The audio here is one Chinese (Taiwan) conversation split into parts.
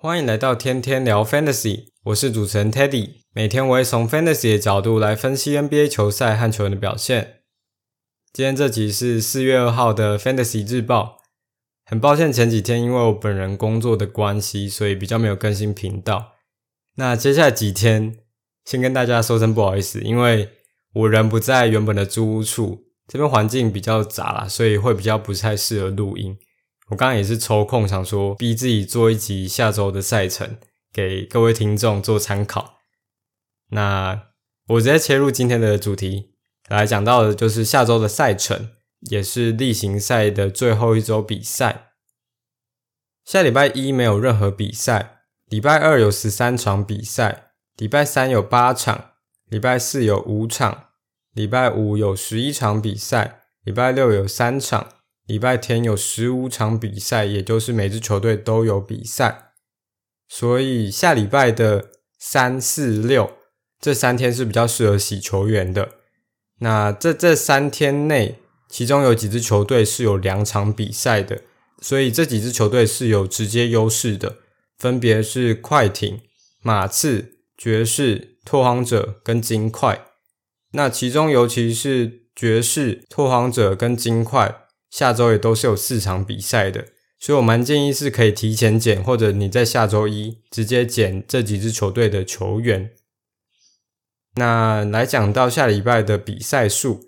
歡迎來到天天聊 Fantasy，我是主持人 Teddy。每天我會從 Fantasy 的角度來分析 NBA 球賽和球員的表現。今天這集是四月二號的 Fantasy 日報。很抱歉前幾天因為我本人工作的關係，所以比較沒有更新頻道。那接下來幾天，先跟大家說聲不好意思，因為我人不在原本的租屋處，這邊環境比較雜啦，所以會比較不太適合錄音。我剛剛也是抽空想說，逼自己做一集下周的賽程，給各位聽眾做參考。那我直接切入今天的主題來講到的，就是下周的賽程，也是例行賽的最後一周比賽。下禮拜一沒有任何比賽，禮拜二有十三場比賽，禮拜三有八場，禮拜四有五場，禮拜五有十一場比賽，禮拜六有三場。禮拜天有十五場比賽，也就是每支球隊都有比賽，所以下禮拜的三四六這三天是比較適合洗球員的。那在這，這三天內，其中有幾支球隊是有兩場比賽的，所以這幾支球隊是有直接優勢的，分別是快艇、馬刺、爵士、拓荒者跟金塊。那其中尤其是爵士、拓荒者跟金塊。下週也都是有四場比賽的，所以我蠻建議是可以提前撿，或者你在下週一直接撿這幾支球隊的球員。那來講到下禮拜的比賽數，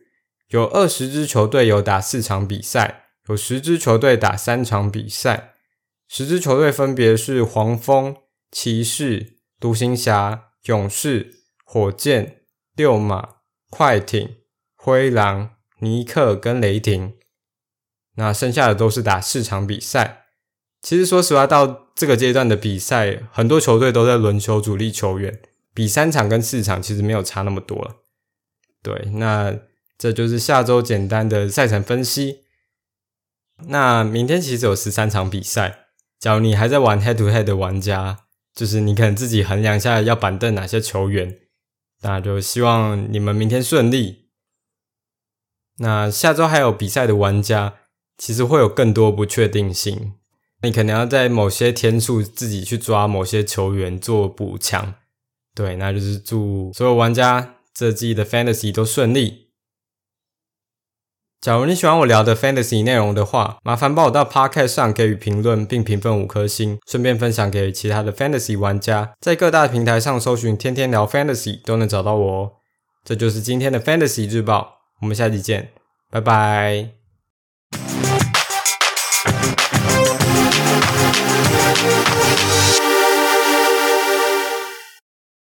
有二十支球隊有打四場比賽，有十支球隊打三場比賽。十支球隊分別是黃蜂、騎士、獨行俠、勇士、火箭、溜馬、快艇、灰狼、尼克跟雷霆。那剩下的都是打四場比賽。其實說實話，到這個階段的比賽，很多球隊都在輪休主力球員，比三場跟四場其實沒有差那麼多了。對，那這就是下周簡單的賽程分析。那明天其實有十三場比賽。假如你還在玩 head to head 的玩家，就是你可能自己衡量一下要板凳哪些球員。那就希望你們明天順利。那下周還有比賽的玩家，其實會有更多不確定性，你可能要在某些天數自己去抓某些球員做補強，對，那就是祝所有玩家這季的 fantasy 都順利。假如你喜歡我聊的 fantasy 內容的話，麻煩幫我到 Podcast 上給予評論並評分五顆星，順便分享給其他的 fantasy 玩家，在各大平台上搜尋“天天聊 fantasy” 都能找到我哦。這就是今天的 fantasy 日報，我們下期見，拜拜。